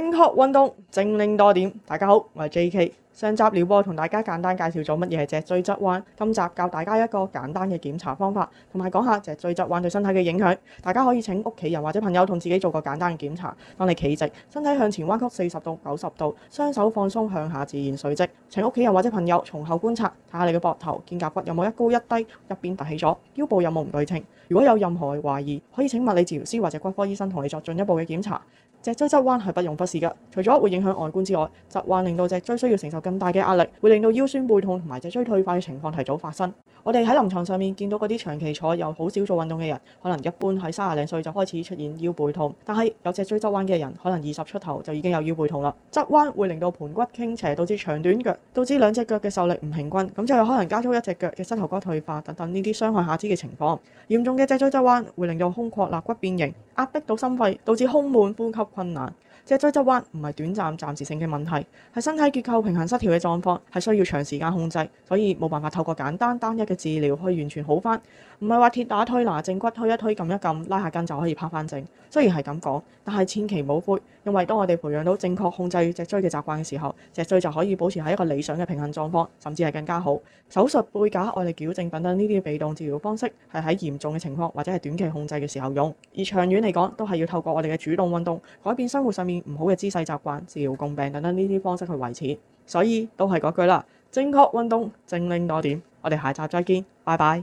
正確運動，精靈多點，大家好，我係 JK。上集療播，同大家簡單介紹咗乜嘢係脊椎側彎，今集教大家一個簡單嘅檢查方法，同埋講下脊椎側彎對身體嘅影響。大家可以請屋企人或者朋友同自己做個簡單嘅檢查。當你企直，身體向前彎曲四十到九十度，雙手放鬆向下自然垂直。請屋企人或者朋友從後觀察，睇下你嘅膊頭、肩胛骨有冇一高一低，一邊凸起咗，腰部有冇唔對稱。如果有任何懷疑，可以請物理治療師或者骨科醫生同你作進一步嘅檢查。脊椎側彎係不容忽視嘅，除咗會影響外觀之外，側彎令到脊椎需要承受。咁大嘅壓力會令到腰酸背痛同埋脊椎退化嘅情況提早發生。我哋喺臨床上面見到嗰啲長期坐又好少做運動嘅人，可能一般喺三十零歲就開始出現腰背痛。但係有脊椎側彎嘅人，可能二十出頭就已經有腰背痛啦。側彎會令到盤骨傾斜，導致長短腳，導致兩隻腳嘅受力唔平均，咁就有可能加速一隻腳嘅膝頭哥退化等等呢啲傷害下肢嘅情況。嚴重嘅脊椎側彎會令到胸廓肋骨變形，壓迫到心肺，導致胸悶、呼吸困難。脊椎側彎唔係短暫、暫時性嘅問題，係身體結構平衡失調嘅狀況，係需要長時間控制，所以冇辦法透過簡單單一嘅治療去完全好翻。唔係話鐵打推拿正骨推一推、撳一撳、拉下筋就可以拍翻正。雖然係咁講，但係千祈唔好灰，因為當我哋培養到正確控制脊椎嘅習慣嘅時候，脊椎就可以保持喺一個理想嘅平衡狀況，甚至係更加好。手術背架、外力矯正等等呢啲被動治療方式係喺嚴重嘅情況或者係短期控制嘅時候用，而長遠嚟講都係要透過我哋嘅主動運動改變生活上面。唔好嘅姿勢習慣、治療共病等等呢啲方式去維持，所以都係嗰句啦，正確運動正令多點。我哋下集再見，拜拜。